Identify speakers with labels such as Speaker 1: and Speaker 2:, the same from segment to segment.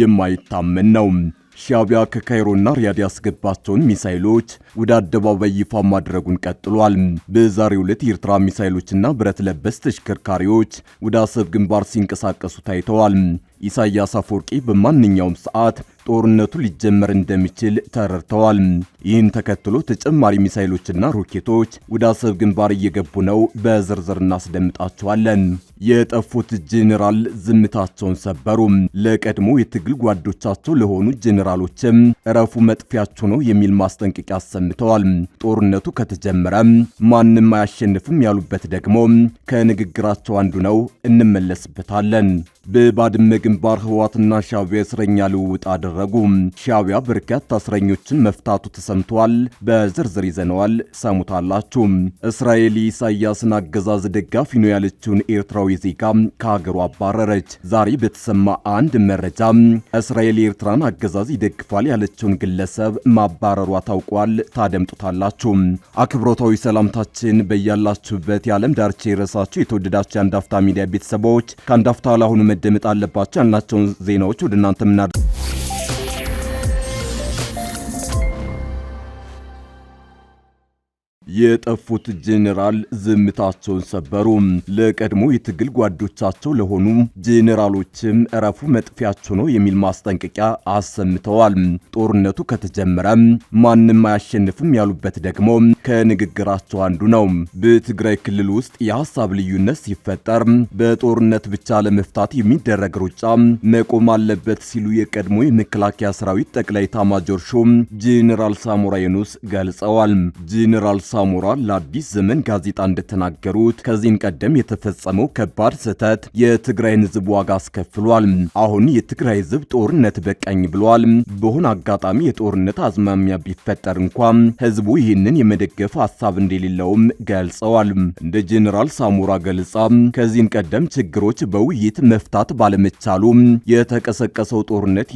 Speaker 1: የማይታመን ነው። ሻቢያ ከካይሮና ሪያድ ያስገባቸውን ሚሳይሎች ወደ አደባባይ ይፋ ማድረጉን ቀጥሏል። በዛሬው ዕለት የኤርትራ ሚሳይሎችና ብረት ለበስ ተሽከርካሪዎች ወደ አሰብ ግንባር ሲንቀሳቀሱ ታይተዋል። ኢሳያስ አፈወርቂ በማንኛውም ሰዓት ጦርነቱ ሊጀመር እንደሚችል ተረድተዋል። ይህን ተከትሎ ተጨማሪ ሚሳይሎችና ሮኬቶች ወደ አሰብ ግንባር እየገቡ ነው። በዝርዝር እናስደምጣቸዋለን። የጠፉት ጄኔራል ዝምታቸውን ሰበሩ። ለቀድሞ የትግል ጓዶቻቸው ለሆኑ ጄኔራሎችም እረፉ፣ መጥፊያቸው ነው የሚል ማስጠንቀቂያ አሰምተዋል። ጦርነቱ ከተጀመረ ማንም አያሸንፍም ያሉበት ደግሞ ከንግግራቸው አንዱ ነው። እንመለስበታለን። በባድመ ግንባር ህወሓትና ሻቢያ እስረኛ ልውውጥ አደረጉ። ሻቢያ በርካታ እስረኞችን መፍታቱ ተሰምተዋል። በዝርዝር ይዘነዋል፣ ሰሙታላችሁ። እስራኤል የኢሳያስን አገዛዝ ደጋፊ ነው ያለችውን ኤርትራዊ ዜጋ ከሀገሩ አባረረች። ዛሬ በተሰማ አንድ መረጃ እስራኤል የኤርትራን አገዛዝ ይደግፋል ያለችውን ግለሰብ ማባረሯ ታውቋል። ታደምጡታላችሁ። አክብሮታዊ ሰላምታችን በያላችሁበት የዓለም ዳርቻ የረሳችሁ የተወደዳችሁ የአንዳፍታ ሚዲያ ቤተሰቦች ከአንዳፍታ ለአሁኑ መደመጥ አለባቸው ያልናቸውን ዜናዎች ወደ እናንተ ምናደ የጠፉት ጄኔራል ዝምታቸውን ሰበሩ። ለቀድሞ የትግል ጓዶቻቸው ለሆኑ ጄኔራሎችም እረፉ መጥፊያቸው ነው የሚል ማስጠንቀቂያ አሰምተዋል። ጦርነቱ ከተጀመረ ማንም አያሸንፍም ያሉበት ደግሞ ከንግግራቸው አንዱ ነው። በትግራይ ክልል ውስጥ የሀሳብ ልዩነት ሲፈጠር በጦርነት ብቻ ለመፍታት የሚደረግ ሩጫ መቆም አለበት ሲሉ የቀድሞ የመከላከያ ሰራዊት ጠቅላይ ታማጆር ሹም ጄኔራል ሳሞራ የኑስ ገልጸዋል። ጄኔራል ሳሞራ ለአዲስ ዘመን ጋዜጣ እንደተናገሩት ከዚህም ቀደም የተፈጸመው ከባድ ስህተት የትግራይን ሕዝብ ዋጋ አስከፍሏል። አሁን የትግራይ ሕዝብ ጦርነት በቃኝ ብሏል። በሆነ አጋጣሚ የጦርነት አዝማሚያ ቢፈጠር እንኳ ሕዝቡ ይህንን የመደገፍ ሀሳብ እንደሌለውም ገልጸዋል። እንደ ጄኔራል ሳሞራ ገልጻ ከዚህም ቀደም ችግሮች በውይይት መፍታት ባለመቻሉ የተቀሰቀሰው ጦርነት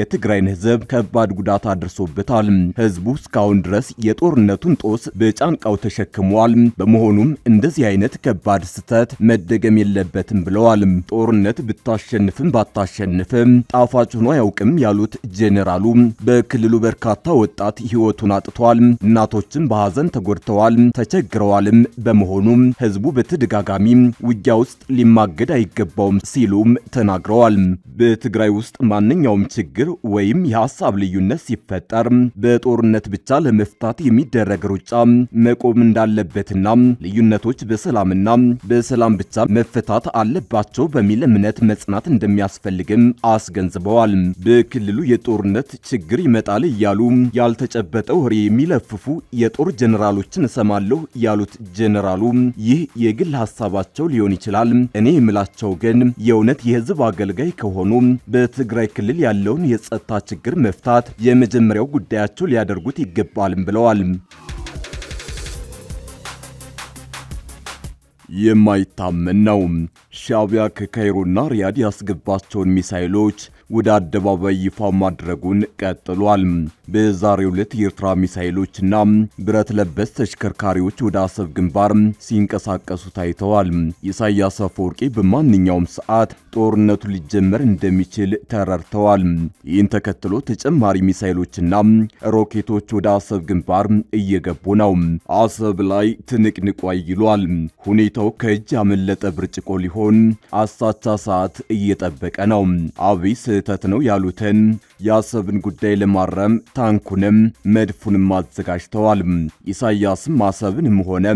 Speaker 1: የትግራይን ሕዝብ ከባድ ጉዳት አድርሶበታል። ሕዝቡ እስካሁን ድረስ የጦርነቱን ቁስ በጫንቃው ተሸክሟል። በመሆኑም እንደዚህ አይነት ከባድ ስህተት መደገም የለበትም ብለዋል። ጦርነት ብታሸንፍም ባታሸንፍም ጣፋጭ ሆኖ አያውቅም ያሉት ጄኔራሉ በክልሉ በርካታ ወጣት ህይወቱን አጥቷል፣ እናቶችም በሐዘን ተጎድተዋል፣ ተቸግረዋልም። በመሆኑም ህዝቡ በተደጋጋሚ ውጊያ ውስጥ ሊማገድ አይገባውም ሲሉም ተናግረዋል። በትግራይ ውስጥ ማንኛውም ችግር ወይም የሐሳብ ልዩነት ሲፈጠር በጦርነት ብቻ ለመፍታት የሚደረግ ሩጫ መቆም እንዳለበትና ልዩነቶች በሰላምና በሰላም ብቻ መፈታት አለባቸው በሚል እምነት መጽናት እንደሚያስፈልግም አስገንዝበዋል። በክልሉ የጦርነት ችግር ይመጣል እያሉ ያልተጨበጠ ወሬ የሚለፍፉ የጦር ጀኔራሎችን እሰማለሁ ያሉት ጀኔራሉ ይህ የግል ሀሳባቸው ሊሆን ይችላል። እኔ የምላቸው ግን የእውነት የህዝብ አገልጋይ ከሆኑ በትግራይ ክልል ያለውን የጸጥታ ችግር መፍታት የመጀመሪያው ጉዳያቸው ሊያደርጉት ይገባልም ብለዋል። የማይታመን ነው። ሻዕቢያ ከካይሮና ሪያድ ያስገባቸውን ሚሳይሎች ወደ አደባባይ ይፋ ማድረጉን ቀጥሏል። በዛሬው ዕለት የኤርትራ እና ብረት ለበስ ተሽከርካሪዎች ወደ አሰብ ግንባር ሲንቀሳቀሱ ታይተዋል። ኢሳያስ አፈወርቂ በማንኛውም ሰዓት ጦርነቱ ሊጀመር እንደሚችል ተረድተዋል። ይህን ተከትሎ ተጨማሪ ሚሳኤሎችና ሮኬቶች ወደ አሰብ ግንባር እየገቡ ነው። አሰብ ላይ ትንቅንቋ ይሏል። ሁኔታው ከእጅ ያመለጠ ብርጭቆ ሊሆን አሳቻ ሰዓት እየጠበቀ ነው። አብይ ስህተት ነው ያሉትን የአሰብን ጉዳይ ለማረም ታንኩንም መድፉንም አዘጋጅተዋል። ኢሳያስም አሰብንም ሆነ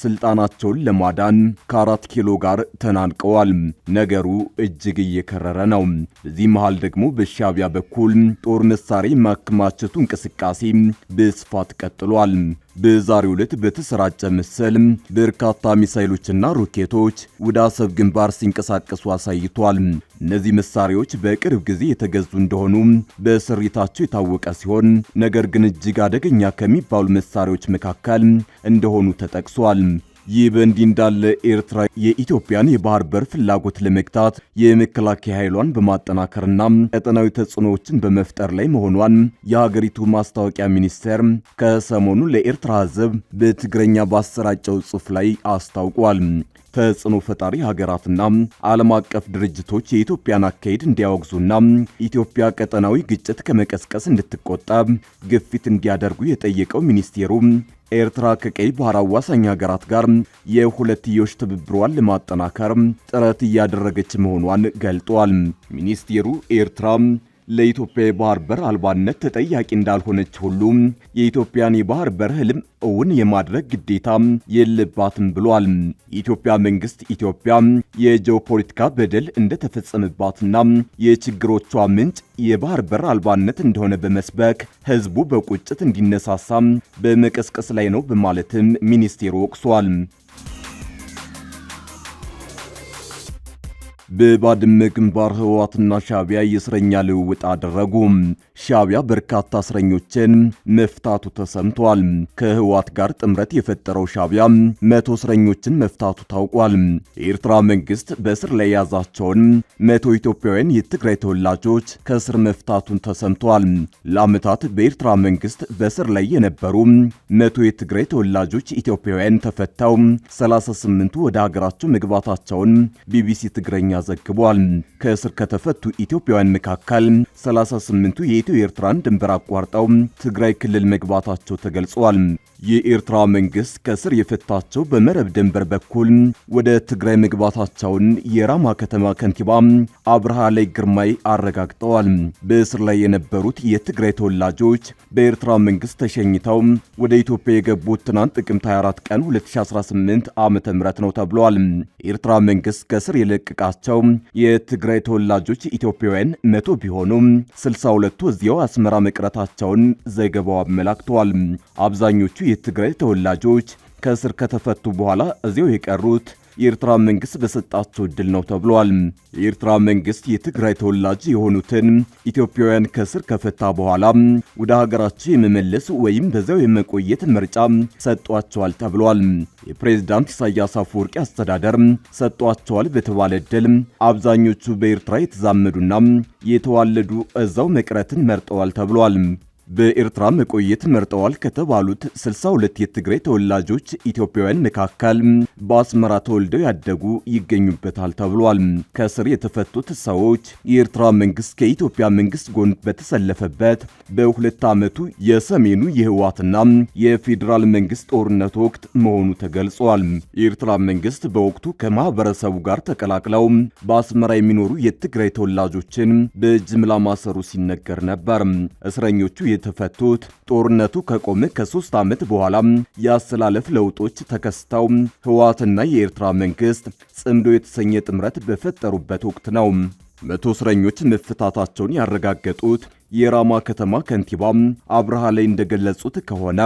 Speaker 1: ስልጣናቸውን ለማዳን ከአራት ኪሎ ጋር ተናንቀዋል። ነገሩ እጅግ እየከረረ ነው። በዚህ መሃል ደግሞ በሻቢያ በኩል ጦር መሳሪያ የማከማቸቱ እንቅስቃሴ በስፋት ቀጥሏል። በዛሬው ዕለት በተሰራጨ ምስል በርካታ ሚሳይሎችና ሮኬቶች ወደ አሰብ ግንባር ሲንቀሳቀሱ አሳይቷል። እነዚህ መሳሪያዎች በቅርብ ጊዜ የተገዙ እንደሆኑ በስሪታቸው የታወቀ ሲሆን ነገር ግን እጅግ አደገኛ ከሚባሉ መሳሪያዎች መካከል እንደሆኑ ተጠቅሷል። ይህ በእንዲህ እንዳለ ኤርትራ የኢትዮጵያን የባህር በር ፍላጎት ለመግታት የመከላከያ ኃይሏን በማጠናከርና ቀጠናዊ ተጽዕኖዎችን በመፍጠር ላይ መሆኗን የሀገሪቱ ማስታወቂያ ሚኒስቴር ከሰሞኑ ለኤርትራ ሕዝብ በትግረኛ ባሰራጨው ጽሑፍ ላይ አስታውቋል። ተጽዕኖ ፈጣሪ ሀገራትና ዓለም አቀፍ ድርጅቶች የኢትዮጵያን አካሄድ እንዲያወግዙና ኢትዮጵያ ቀጠናዊ ግጭት ከመቀስቀስ እንድትቆጠብ ግፊት እንዲያደርጉ የጠየቀው ሚኒስቴሩ ኤርትራ ከቀይ ባህር አዋሳኝ ሀገራት ጋር የሁለትዮሽ ትብብሯን ለማጠናከር ጥረት እያደረገች መሆኗን ገልጧል። ሚኒስቴሩ ኤርትራ ለኢትዮጵያ የባህር በር አልባነት ተጠያቂ እንዳልሆነች ሁሉ የኢትዮጵያን የባህር በር ህልም እውን የማድረግ ግዴታ የለባትም ብሏል። የኢትዮጵያ መንግስት ኢትዮጵያ የጂኦፖለቲካ በደል እንደተፈጸመባትና የችግሮቿ ምንጭ የባህር በር አልባነት እንደሆነ በመስበክ ህዝቡ በቁጭት እንዲነሳሳ በመቀስቀስ ላይ ነው በማለትም ሚኒስቴሩ ወቅሷል። በባድመ ግንባር ህወሓትና ሻቢያ የእስረኛ ልውውጥ አደረጉ። ሻቢያ በርካታ እስረኞችን መፍታቱ ተሰምቷል። ከህወሓት ጋር ጥምረት የፈጠረው ሻቢያ መቶ እስረኞችን መፍታቱ ታውቋል። የኤርትራ መንግስት በእስር ላይ የያዛቸውን መቶ ኢትዮጵያውያን የትግራይ ተወላጆች ከእስር መፍታቱን ተሰምቷል። ለዓመታት በኤርትራ መንግስት በእስር ላይ የነበሩ መቶ የትግራይ ተወላጆች ኢትዮጵያውያን ተፈተው 38ቱ ወደ ሀገራቸው መግባታቸውን ቢቢሲ ትግረኛ ዘግቧል። ከእስር ከተፈቱ ኢትዮጵያውያን መካከል 38ቱ የኢትዮ ኤርትራን ድንበር አቋርጠው ትግራይ ክልል መግባታቸው ተገልጿል። የኤርትራ መንግስት ከእስር የፈታቸው በመረብ ድንበር በኩል ወደ ትግራይ መግባታቸውን የራማ ከተማ ከንቲባ አብርሃ ላይ ግርማይ አረጋግጠዋል። በእስር ላይ የነበሩት የትግራይ ተወላጆች በኤርትራ መንግስት ተሸኝተው ወደ ኢትዮጵያ የገቡት ትናንት ጥቅምት 24 ቀን 2018 ዓ.ም ነው ተብሏል። የኤርትራ መንግስት ከእስር የለቀቃቸው ናቸው። የትግራይ ተወላጆች ኢትዮጵያውያን መቶ ቢሆኑም 62 እዚያው አስመራ መቅረታቸውን ዘገባው አመላክተዋል። አብዛኞቹ የትግራይ ተወላጆች ከእስር ከተፈቱ በኋላ እዚያው የቀሩት የኤርትራ መንግስት በሰጣቸው እድል ነው ተብሏል። የኤርትራ መንግስት የትግራይ ተወላጅ የሆኑትን ኢትዮጵያውያን ከስር ከፈታ በኋላ ወደ ሀገራቸው የመመለስ ወይም በዚያው የመቆየት ምርጫ ሰጧቸዋል ተብሏል። የፕሬዝዳንት ኢሳያስ አፈወርቂ አስተዳደር ሰጧቸዋል በተባለ እድል አብዛኞቹ በኤርትራ የተዛመዱና የተዋለዱ እዛው መቅረትን መርጠዋል ተብሏል። በኤርትራ መቆየት መርጠዋል ከተባሉት 62 የትግራይ ተወላጆች ኢትዮጵያውያን መካከል በአስመራ ተወልደው ያደጉ ይገኙበታል ተብሏል። ከእስር የተፈቱት ሰዎች የኤርትራ መንግስት ከኢትዮጵያ መንግስት ጎን በተሰለፈበት በሁለት ዓመቱ የሰሜኑ የህወሓትና የፌዴራል መንግስት ጦርነት ወቅት መሆኑ ተገልጿል። የኤርትራ መንግስት በወቅቱ ከማህበረሰቡ ጋር ተቀላቅለው በአስመራ የሚኖሩ የትግራይ ተወላጆችን በጅምላ ማሰሩ ሲነገር ነበር። እስረኞቹ የተፈቱት። ጦርነቱ ከቆመ ከሶስት ዓመት በኋላ የአሰላለፍ ለውጦች ተከስተው ህወሓትና የኤርትራ መንግስት ጽምዶ የተሰኘ ጥምረት በፈጠሩበት ወቅት ነው። መቶ እስረኞች መፈታታቸውን ያረጋገጡት የራማ ከተማ ከንቲባ አብርሃ ላይ እንደገለጹት ከሆነ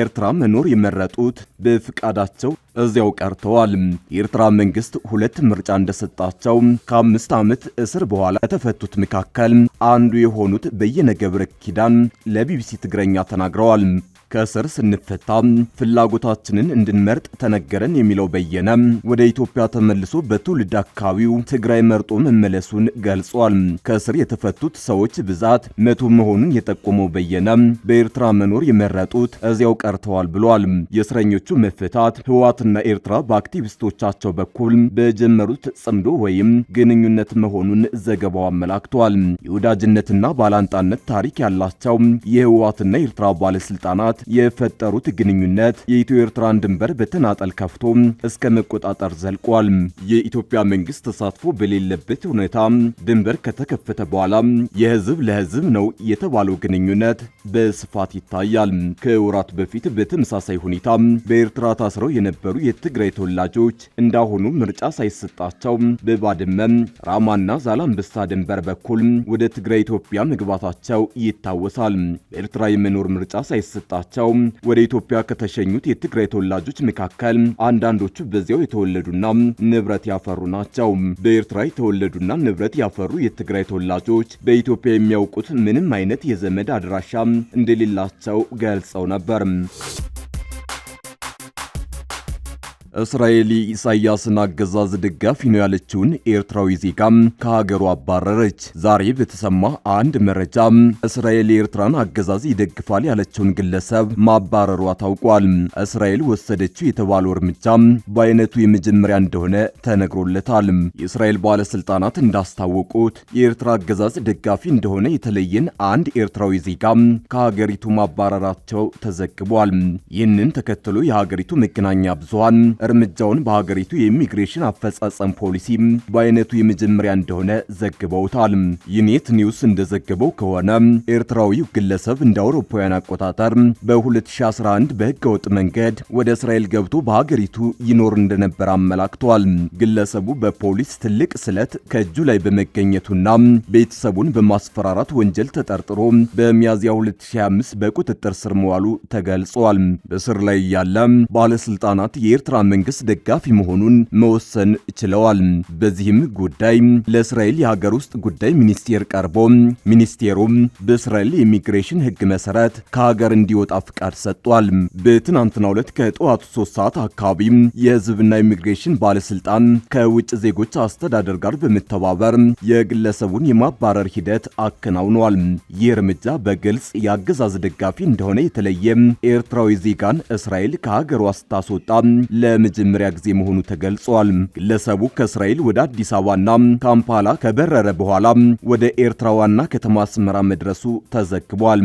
Speaker 1: ኤርትራ መኖር የመረጡት በፍቃዳቸው እዚያው ቀርተዋል። የኤርትራ መንግስት ሁለት ምርጫ እንደሰጣቸው ከአምስት ዓመት እስር በኋላ ከተፈቱት መካከል አንዱ የሆኑት በየነ ገብረ ኪዳን ለቢቢሲ ትግረኛ ተናግረዋል። ከእስር ስንፈታ ፍላጎታችንን እንድንመርጥ ተነገረን የሚለው በየነ ወደ ኢትዮጵያ ተመልሶ በትውልድ አካባቢው ትግራይ መርጦ መመለሱን ገልጿል። ከእስር የተፈቱት ሰዎች ብዛት መቶ መሆኑን የጠቆመው በየነ በኤርትራ መኖር የመረጡት እዚያው ቀርተዋል ብሏል። የእስረኞቹ መፈታት ህወሓትና ኤርትራ በአክቲቪስቶቻቸው በኩል በጀመሩት ጽምዶ ወይም ግንኙነት መሆኑን ዘገባው አመላክቷል። የወዳጅነትና ባላንጣነት ታሪክ ያላቸው የህወሓትና ኤርትራ ባለስልጣናት የፈጠሩት ግንኙነት የኢትዮ ኤርትራን ድንበር በተናጠል ከፍቶ እስከ መቆጣጠር ዘልቋል። የኢትዮጵያ መንግስት ተሳትፎ በሌለበት ሁኔታ ድንበር ከተከፈተ በኋላ የህዝብ ለህዝብ ነው የተባለው ግንኙነት በስፋት ይታያል። ከወራት በፊት በተመሳሳይ ሁኔታ በኤርትራ ታስረው የነበሩ የትግራይ ተወላጆች እንዳሁኑ ምርጫ ሳይሰጣቸው በባድመም ራማና ዛላምበሳ ድንበር በኩል ወደ ትግራይ ኢትዮጵያ መግባታቸው ይታወሳል። በኤርትራ የመኖር ምርጫ ሳይሰጣቸው ናቸው። ወደ ኢትዮጵያ ከተሸኙት የትግራይ ተወላጆች መካከል አንዳንዶቹ በዚያው የተወለዱና ንብረት ያፈሩ ናቸው። በኤርትራ የተወለዱና ንብረት ያፈሩ የትግራይ ተወላጆች በኢትዮጵያ የሚያውቁት ምንም አይነት የዘመድ አድራሻ እንደሌላቸው ገልጸው ነበር። እስራኤል ኢሳያስን አገዛዝ ደጋፊ ነው ያለችውን ኤርትራዊ ዜጋ ከሀገሩ አባረረች። ዛሬ በተሰማ አንድ መረጃ እስራኤል የኤርትራን አገዛዝ ይደግፋል ያለችውን ግለሰብ ማባረሯ ታውቋል። እስራኤል ወሰደችው የተባለው እርምጃ በአይነቱ የመጀመሪያ እንደሆነ ተነግሮለታል። የእስራኤል ባለስልጣናት እንዳስታወቁት የኤርትራ አገዛዝ ደጋፊ እንደሆነ የተለየን አንድ ኤርትራዊ ዜጋ ከሀገሪቱ ማባረራቸው ተዘግቧል። ይህንን ተከትሎ የሀገሪቱ መገናኛ ብዙሃን እርምጃውን በሀገሪቱ የኢሚግሬሽን አፈጻጸም ፖሊሲ በአይነቱ የመጀመሪያ እንደሆነ ዘግበውታል። ይኔት ኒውስ እንደዘገበው ከሆነ ኤርትራዊው ግለሰብ እንደ አውሮፓውያን አቆጣጠር በ2011 በህገወጥ መንገድ ወደ እስራኤል ገብቶ በሀገሪቱ ይኖር እንደነበር አመላክቷል። ግለሰቡ በፖሊስ ትልቅ ስለት ከእጁ ላይ በመገኘቱና ቤተሰቡን በማስፈራራት ወንጀል ተጠርጥሮ በሚያዝያ 2025 በቁጥጥር ስር መዋሉ ተገልጿል። በስር ላይ እያለ ባለስልጣናት የኤርትራ መንግስት ደጋፊ መሆኑን መወሰን ችለዋል። በዚህም ጉዳይ ለእስራኤል የሀገር ውስጥ ጉዳይ ሚኒስቴር ቀርቦ ሚኒስቴሩም በእስራኤል የኢሚግሬሽን ህግ መሰረት ከሀገር እንዲወጣ ፍቃድ ሰጥቷል። በትናንትናው ዕለት ከጠዋቱ ሶስት ሰዓት አካባቢ የህዝብና ኢሚግሬሽን ባለስልጣን ከውጭ ዜጎች አስተዳደር ጋር በመተባበር የግለሰቡን የማባረር ሂደት አከናውነዋል። ይህ እርምጃ በግልጽ የአገዛዝ ደጋፊ እንደሆነ የተለየ ኤርትራዊ ዜጋን እስራኤል ከሀገሯ ስታስወጣ ለመጀመሪያ ጊዜ መሆኑ ተገልጿል። ግለሰቡ ከእስራኤል ወደ አዲስ አበባና ካምፓላ ከበረረ በኋላ ወደ ኤርትራ ዋና ከተማ አስመራ መድረሱ ተዘግቧል።